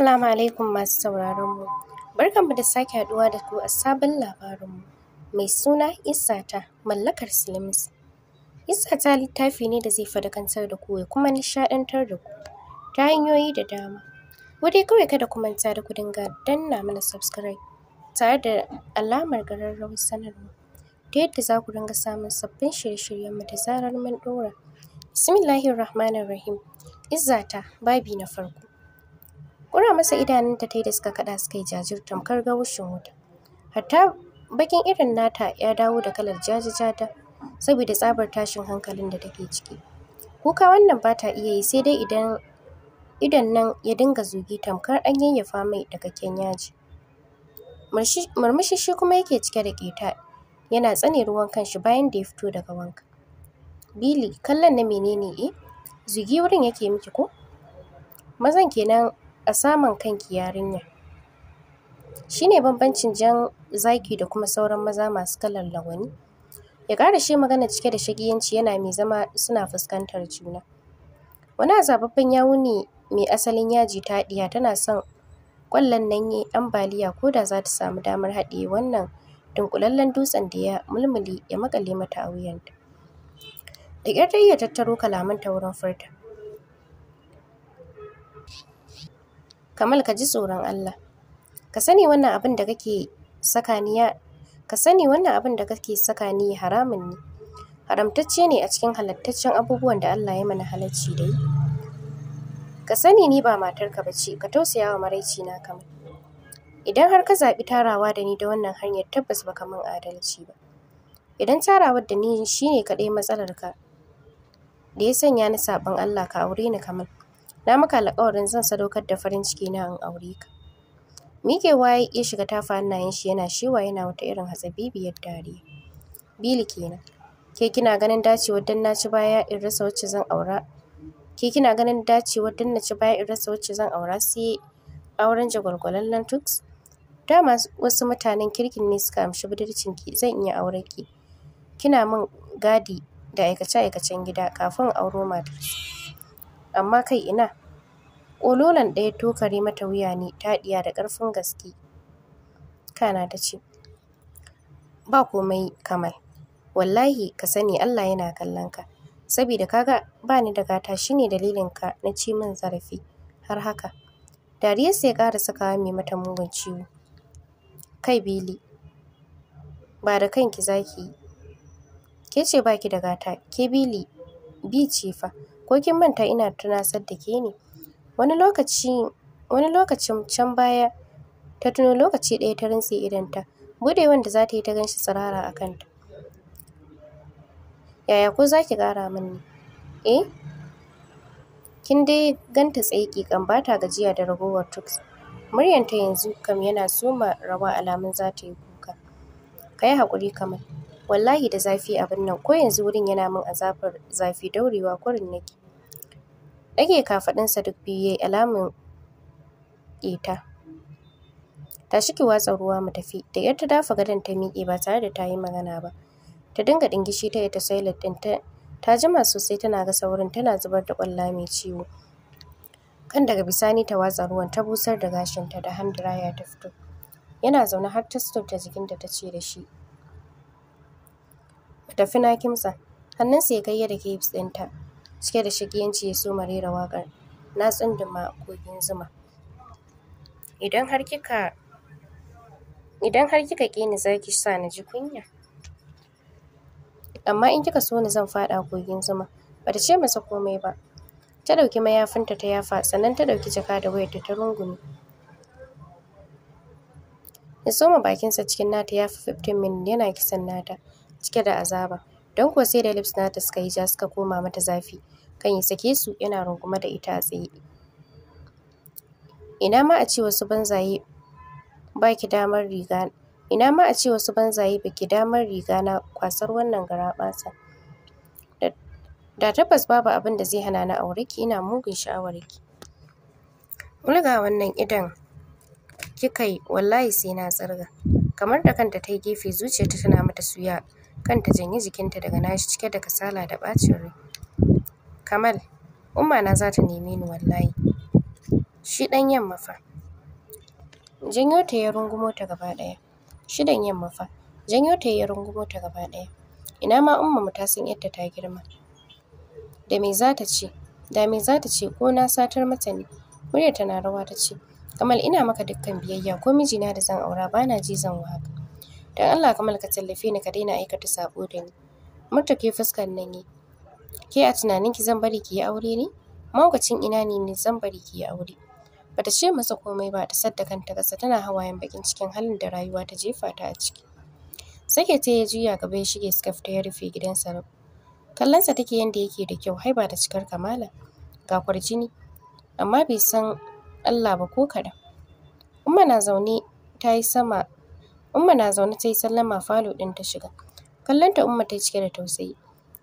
Assalamu alaikum masu sauraron mu. Barkanmu da sake haɗuwa da ku a sabon labarinmu. Mai suna Isata, mallakar Slims. Isata littafi ne da zai fadakantar da ku ya kuma nishaɗantar da ku ta hanyoyi da dama. Wadai kawai kada ku manta da ku dinga danna mana subscribe tare da alamar ƙararrawar sanarwa ta yadda za ku dinga samun sabbin shirye-shiryenmu da zarar mun ɗora. Bismillahirrahmanirrahim. Rahim. Izzata, babi na farko. Kura masa idanunta ta yi da suka kaɗa suka yi jajir tamkar gawushin wuta. Hatta bakin irin nata ya dawo da kalar jajijata saboda tsabar tashin hankalin da take ciki. Kuka wannan ba ta iya yi sai dai idan idon nan ya dinga zugi tamkar an yayyafa mai dakakken yaji. Murmushi shi kuma yake cike da keta yana tsane ruwan kanshi bayan da ya fito daga wanka. Billy kallon na menene eh? Zugi wurin yake miki ko? Mazan kenan a saman kanki yarinya shine bambancin jan zaki da kuma sauran maza masu kalar lawani. ya kara shi magana cike da shagiyanci yana mai zama suna fuskantar juna wani azababben yawu ne mai asalin yaji ta haɗiya tana son ƙwallon nan yi ambaliya ko da za ta samu damar haɗiye wannan dunkulallen dutsen da ya mulmuli ya maƙale mata a wuyanta da ƙyar ta iya tattaro kalaman ta wurin furta kamal ka ji tsoron Allah ka sani wannan abin da kake saka ni ya ka sani wannan abin da kake saka ni haramun ne haramtacce ne a cikin halattaccen abubuwan da Allah ya mana halacci dai ka sani ni ba matarka bace ka tausaya wa maraici na kamal idan har ka zaɓi tarawa da ni da wannan hanyar tabbas ka min adalci ba idan tarawar da ni shine kaɗai matsalarka da ya sanya ni saɓon Allah ka aure ni kamal na maka alƙawarin zan sadaukar da farin ciki na in aure ka miƙewa ya shiga tafa hannayen shi yana shewa yana wata irin biyar dariya bili kenan ke kina ganin dacewar dan na ci baya in rasa wacce zan aura ke kina ganin dacewar dan na ci baya in rasa wacce zan aura sai auren jagwalgwalallen tuks dama wasu mutanen kirkin ne suka amshi budurcin ki zan iya aure ki kina min gadi da aikace-aikacen gida kafin in auro matar amma kai ina ƙololan ɗaya tokare mata wuya ne taɗiya da ƙarfin gaske kana ta ce ba komai kamal wallahi ka sani Allah yana kallon ka saboda kaga bani da gata shine dalilin ka na ci min zarafi har haka dariyarsa ya ƙara sakawa mai mata mugun ciwo kai bili ba da kanki zaki yi ke ce baki da gata ke bili bi ce fa ko kin manta ina tunasar da ke ne wani lokaci wani lokacin can baya ta tuno lokaci ɗaya ta rintse idonta bude wanda za ta yi ta ganshi tsirara a kanta yaya ko za ki ƙara min ne eh kin dai ganta tsaiki kan ba ta gajiya da ragowar tux muryanta yanzu kam yana soma rawa alamun za ta yi kuka ka yi haƙuri kamar. wallahi da zafi abin nan ko yanzu wurin yana min azabar zafi daurewa kurin nake Ɗage sa duk biyu ya yi alamun ƙeta. Tashi ki watsa ruwa mu tafi. Da yar ta dafa gadon ta miƙe ba tare da tayi magana ba. Ta dinga ɗingishi ta yi ta sailat ɗin ta ta jima sosai tana gasa wurin tana zubar da ƙwalla mai ciwo. Kan daga bisani ta watsa ruwan ta busar da gashinta da dryer ta fito. Yana zaune har ta jikin da ta ce da shi. Tafi na kimtsa. Hannunsa ya kai ya dake ɗinta. cike da shakiyanci ya soma rera waƙar na tsunduma kogin zuma idan har kika idan har kika ƙi ni sa na ji kunya amma in kika so ni zan faɗa kogin zuma ba ta ce masa komai ba ta ɗauki mayafinta ta yafa sannan ta ɗauki jaka da wayarta ta rungumi. ya soma bakinsa cikin nata ya fi 15 min yana kisan nata cike da azaba don kuwa sai da lips nata suka yi ja suka koma mata zafi kan yi sake su yana rungume da ita a tsaye ina ma a ce wasu banzaye baki damar riga baki damar riga na kwasar wannan garaɓasa da tabbas babu abin da zai hana na aure ki ina mugun sha'awar ki ulga wannan idan kika wallahi sai na tsirga kamar da kanta ta yi gefe zuciyarta tana mata suya Kanta ta janyi jikinta daga nashi cike da kasala da ɓacin rai. Kamal, umma na za ta neme ni wallahi. Shi ɗan yamma fa. Janyo ta ya rungumo ta gaba ɗaya. Shi ɗan yamma fa. Janyo ta ya rungumo ta gaba ɗaya. Ina ma umma mu ta san yadda ta girma. Da me za ta ce? Da me za ta ce ko na satar mata ne? Muryarta na rawa ta ce, Kamal ina maka dukkan biyayya ko mijina da zan aura ba na ji zan dan Allah Kamal ka tallafe ni ka daina aikata sabo da ni ke fuskan nan yi ke a tunanin ki zan bari ki yi aure ne mahaukacin ina ne ni zan bari ki yi aure bata ce masa komai ba ta sadda kanta kasa tana hawayen bakin cikin halin da rayuwa ta jefa ta a ciki sake ta ya juya gaba ya shige scarf ta ya rufe gidansa rab kallonsa take yanda yake da kyau Hai ba da cikar kamala ga kwarjini amma bai san Allah ba ko kaɗan umma na zaune ta yi sama Umma na zaune ta yi sallama falo ɗin ta shiga. Kallonta Umma ta yi cike da tausayi.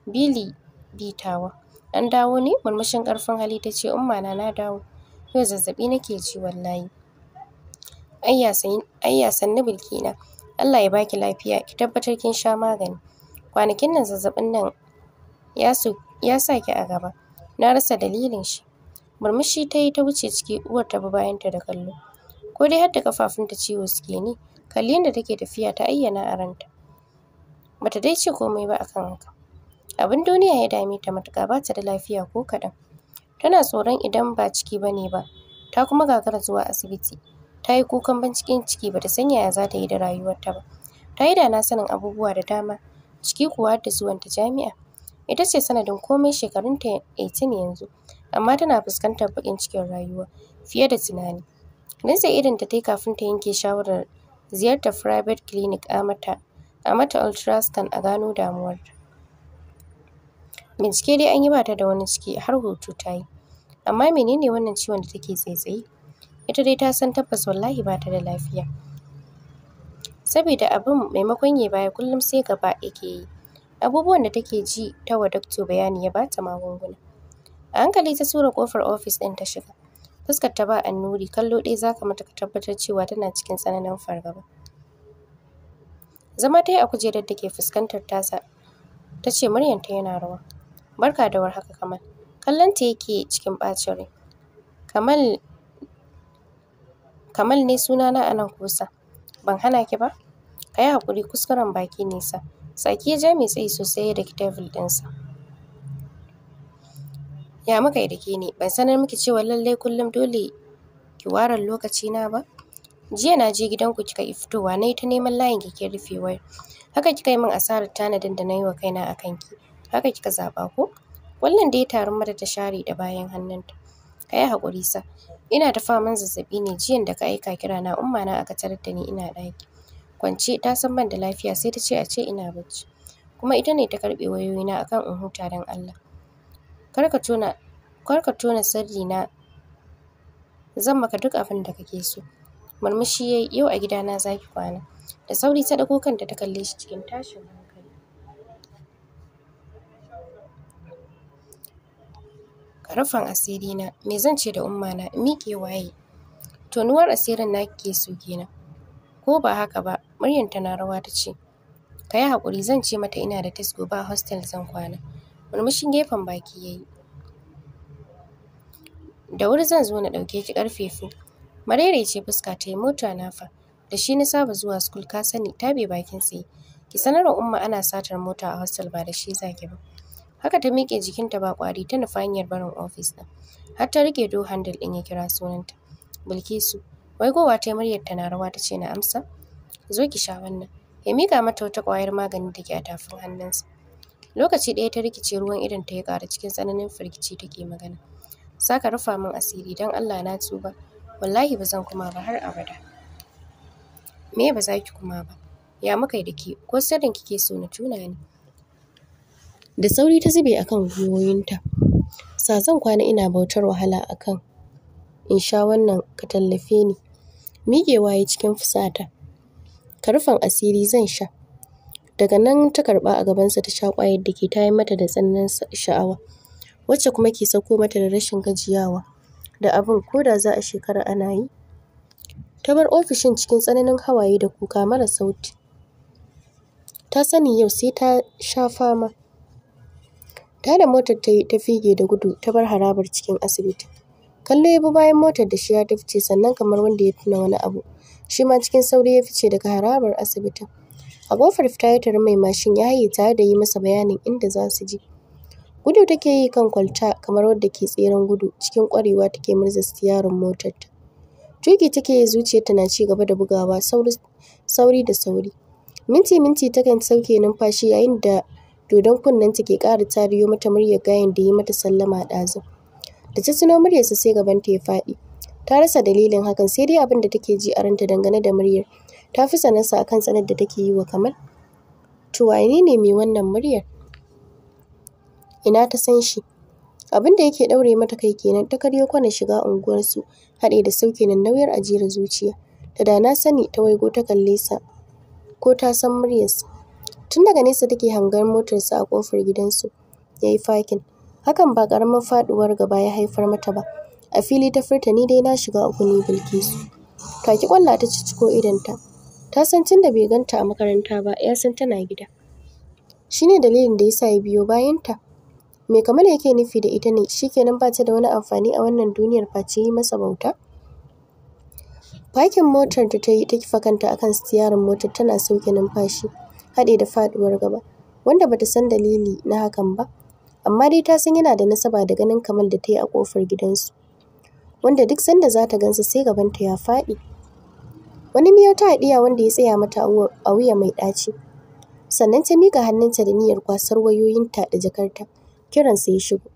Bili bitawa. An dawo ne? Murmushin ƙarfin hali ta ce Umma na na dawo. Yau zazzaɓi nake ji wallahi. Ayya sannu Bilkina. Allah ya baki lafiya ki tabbatar kin sha magani. Kwanakin nan zazzaɓin nan ya sa ki a gaba. Na rasa dalilin shi. Murmushi ta yi ta wuce ciki uwar ta bi bayanta da kallo. Ko dai har da ƙafafunta ciwo suke ne? kalli yadda take tafiya ta ayyana a ranta bata dai ce komai ba akan haka abin duniya ya dame ta matuƙa bata da lafiya ko kaɗan tana tsoron idan ba ciki bane ba ta kuma gagara zuwa asibiti tayi kukan bincikin ciki bata san yaya zata yi da rayuwarta ba Ta yi dana sanin abubuwa da dama ciki kuwa har da zuwanta jami'a ita ce sanadin komai shekarunta eighteen yanzu amma tana fuskantar baƙin cikin rayuwa fiye da tunani irin ta ta tayi kafin ta yanke shawarar ziyartar private clinic a mata a mata ultrasound a gano damuwar. ta bincike dai an yi bata da wani ciki har hoto tayi amma menene wannan ciwon da take tsaitsaye ita dai tasan tabbas wallahi bata da lafiya saboda abin maimakon yayi baya kullum sai gaba yake yi abubuwan da take ji ta wa doctor bayani ya bata magunguna a hankali ta tura kofar ofis ɗin ta shiga Fuskar ta ba annuri, kallo ɗaya za ka mata ka tabbatar cewa tana cikin tsananin fargaba. Zama ta yi a kujerar da ke fuskantar tasa, ta ce muryarta yana rawa. Barka da war haka, Kamal. Kallon ta yake cikin ɓacin rai. Kamal Kamal ne sunana a nan kusa. Ban hana ki ba? Ka hakuri, haƙuri kuskuren baki ne sa. Saki ya ja mai tsayi sosai ya kitabul ɗinsa. ya muka yi da ke ne ban sanar miki cewa lallai kullum dole ki ware lokaci na ba jiya na je gidanku kika yi fitowa na yi ta neman layin ki rufe haka kika yi min asarar tanadin da na yi wa kaina a ki haka kika zaɓa ko wannan dai tarin mata ta share da bayan hannunta ka yi haƙuri sa ina ta faman zazzaɓi ne jiyan da ka aika kira na umma na aka tarar da ni ina ɗaki kwance ta san ban da lafiya sai ta ce a ce ina bacci kuma ita ne ta karɓe wayoyina akan in huta don Allah kar ka tona kar ka tona sirri na zan maka duk abin da kake so murmushi yayi yau a gida na zaki kwana da sauri ta ɗago kanta ta kalle shi cikin tashin hankali ka asiri na me zan ce da umma na miƙe waye tonuwar asirin na ke so kenan ko ba haka ba muryar ta na rawa ta ce ka yi haƙuri zan ce mata ina da test gobe a hostel zan kwana murmushin gefen baki yayi da wuri zan zo na ɗauke ki karfe fu ce fuska tayi mota na fa da shi na saba zuwa school ka sani be bakin tsaye ki sanarwa umma ana satar mota a hostel ba da shi zaki ba haka ta miƙe jikinta ba ƙwari ta nufa hanyar barin ofis ɗin har ta riƙe do handle ɗin ya kira sunanta bilkisu wai ta yi muryar ta na rawa ta ce na amsa zo ki sha wannan ya mika mata wata ƙwayar magani da a tafin hannunsa Lokaci ɗaya ta rikice ruwan ta ya ƙara cikin tsananin firgici take magana. Za ka rufa min asiri don Allah na tuba. Wallahi ba zan kuma ba har abada. Me ba za ki kuma ba? Ya muka yi da ke ko sirrin kike so na tuna ni? Da sauri ta zube akan gwiwoyinta. Sa zan kwana ina bautar wahala akan in sha wannan ka tallafe ni. Miƙewa ya cikin fusata. Ka rufan asiri zan sha. Daga nan ta karba a gabansa ta sha ƙwayar da ke tayar mata da tsananin sha'awa, wacce kuma ke sauko mata da rashin gajiyawa da abin ko da za a shekara ana yi. Ta bar ofishin cikin tsananin hawaye da kuka mara sauti. Ta sani yau sai ta sha fama. Ta da motar ta yi ta fige da gudu ta bar harabar cikin asibiti. Kallo ya bi bayan motar da shi ya ta fice sannan kamar wanda ya tuna wani abu, shi ma cikin sauri ya fice daga harabar asibitin. A kofar fita mai mashin ya haye tare da yi masa bayanin inda za su je. Gudu take yi kan kwalta kamar wadda ke tseren gudu cikin kwarewa take murza yaron ta. Tuki take yi zuciya na ci gaba da bugawa sauri da sauri. Minti-minti takan sauke numfashi yayin da dodon kunnen-ta ke ƙara tariyo mata muryar gayen da yi mata sallama ɗazu. Da ta tuno muryarsa sai gabanta ya faɗi. Ta rasa dalilin hakan sai dai abin da take ji a ranta dangane da muryar. ta fi sanarsa a kan tsanar da take yi wa kamar. To waye ne mai wannan muryar? Ina ta san shi. Abin da yake ɗaure mata kai kenan ta karyo kwana shiga unguwarsu haɗe da sauke nan nauyar ajiyar zuciya. Da da na sani ta waigo ta kalle sa ko ta san muryarsa. Tun daga nesa take hangar motarsa a ƙofar gidansu ya yi fakin. Hakan ba ƙaramin faɗuwar gaba ya haifar mata ba. A fili ta furta ni dai na shiga uku ne Bilkisu. Kaki kwalla ta ciciko idonta. Ta san tunda bai ganta a makaranta ba, ya san tana gida. Shi ne dalilin da ya sa ya biyo bayanta. Me kamar yake nufi da ita ne, shi kenan ba ta da wani amfani a wannan duniyar face yi masa bauta? Fakin motar da ta yi ta kifa kanta akan stiyarin motar tana sauke numfashi, haɗe da faɗuwar gaba, wanda bata san dalili na hakan ba. Amma dai ta san yana da nasaba da ganin Kamal da ta yi a ƙofar gidansu, wanda duk sanda za ta gansa sai gabanta ya faɗi. wani miyau ta haɗiya wanda ya tsaya mata a wuya mai ɗaci sannan ta miƙa hannunta da niyyar kwasar wayoyinta da jakarta kiransa ya shigo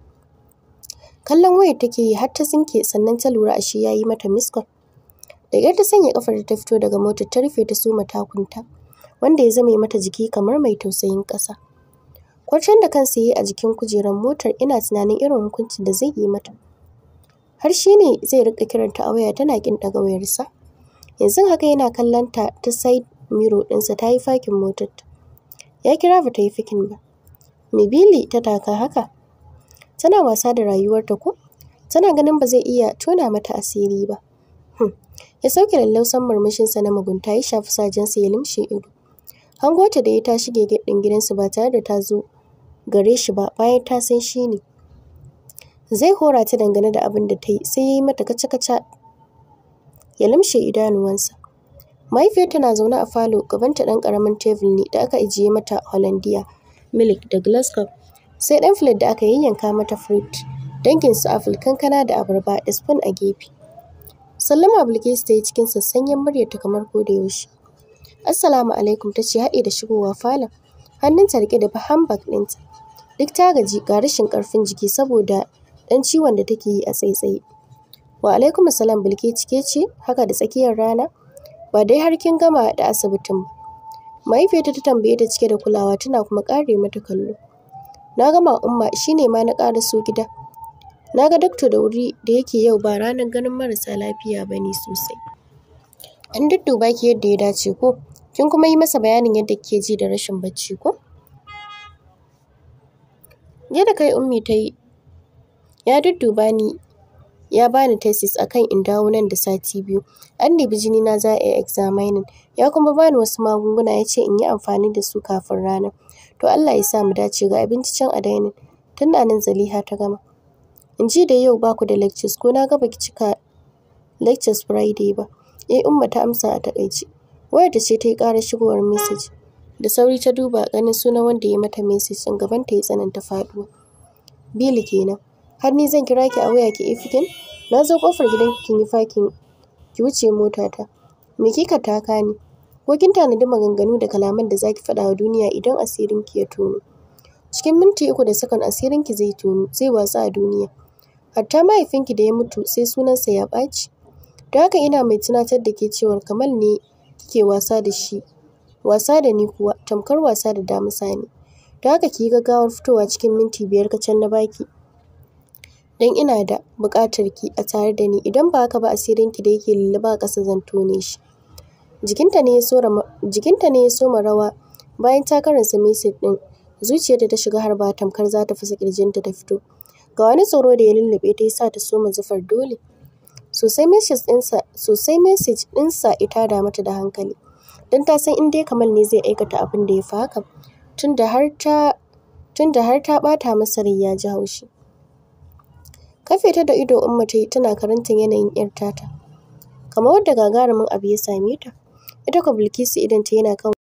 kallon waya take yi har ta tsinke sannan ta lura ashe ya yi mata miskon da yar ta sanya ƙafar ta fito daga motar ta rufe ta soma takunta wanda ya zame mata jiki kamar mai tausayin ƙasa kwarcen da kansa ya yi a jikin kujerar motar ina tunanin irin hukuncin da zai yi mata har shi ne zai rika kiranta a waya tana ƙin ɗaga wayarsa yanzu haka yana kallon ta ta side mirror ɗinsa ta yi fakin motar ya kira ba ta yi fikin ba mibili ta taka haka tana wasa da rayuwarta ko tana ganin ba zai iya tona mata asiri ba hmm. ya sauke lallausan murmushinsa na mugunta ya shafi sajensa ya limshe ido hangota da ya ta shige ɗin gidansu ba tare da ta zo gare shi ba bayan ta san shi ne zai hora ta dangane da abin da ta yi sai ya yi mata kaca-kaca ya limshe idanuwansa. Mahaifiyarta na zaune a falo gaban ta ɗan ƙaramin tebul ne da aka ijiye mata Hollandia, milk da glasgow. Sai ɗan filet da aka yayyanka mata fruit, dangin su apple, kankana da abarba da spoon a gefe. Sallama Bilkisu ta yi cikin sassanyen muryarta kamar ko da yaushe. Assalamu alaikum ta ce haɗe da shigowa falon. Hannunta rike da handbag ɗinta. Duk ta gaji ga rashin ƙarfin jiki saboda ɗan ciwon da take yi a tsaitsaye. Wa alaikum salam Bilki cike ce haka da tsakiyar rana? Ba dai har kin gama da asibitin ba. Mahaifiyarta ta tambaye ta cike da kulawa tana kuma ƙare mata kallo. Na gama umma shine ma na ƙara so gida. Na ga dakto da wuri da yake yau ba ranar ganin marasa lafiya ba ne sosai. An dudduba ki yadda ya dace ko? Kin kuma yi masa bayanin yadda kike ji da rashin bacci ko? Yadda kai ummi ta yi, ya dudduba ni ya bani tesis akan in dawo nan da sati biyu an nemi jini na za a yi examining ya kuma bani wasu magunguna ya ce in yi amfani da su kafin rana. to Allah ya sa mu dace ga abinci can a dainin tun da nan Zaliha ta gama in ji da yau baku da lectures ko na ga baki cika lectures Friday ba eh umma ta amsa a takaice wayar da ce ta yi ƙara shigowar message da sauri ta duba ganin sunan wanda ya mata message din gaban ta ya tsananta faduwa bill kenan Har ni zan kira ki a waya ki ifikin? Eh, na zo kofar gidan kin yi fakin ki wuce motata. Me kika taka ni? Ko kin tanadi maganganu da kalaman da zaki faɗa wa duniya idan asirin ki ya tono? Cikin minti uku da sakan asirin ki zai tono, zai watsa a duniya. Hatta mahaifinki da ya mutu sai sunansa ya ɓaci. Don haka ina mai tunatar da ke cewar Kamal ne kike wasa da shi. Wasa da ni kuwa tamkar wasa da damisa ne. Don haka ki yi gaggawar fitowa cikin minti biyar kacal na baki. don ina da buƙatar ki a tare da ni idan ba haka ba asirin ki da yake lullu ba ƙasa zan tone shi jikinta ne ya soma jikinta ne ya soma rawa bayan ta karanta message din zuciyarta ta shiga har ba tamkar za ta fasa kirjinta ta fito ga wani tsoro da ya lullube ta yasa ta soma zufar dole sosai message ɗinsa sosai message ɗinsa ita da mata da hankali Dan ta san inda ya kamal ne zai aikata abin da ya fi haka tunda har ta tunda har ta ɓata masa rai ya ji haushi kafe ta da ido Umma ta yi tana karantar yanayin 'yar tata, kamar wadda gagarumin abu ya same ta. Ita kuwa Bilkisu idonta yana kan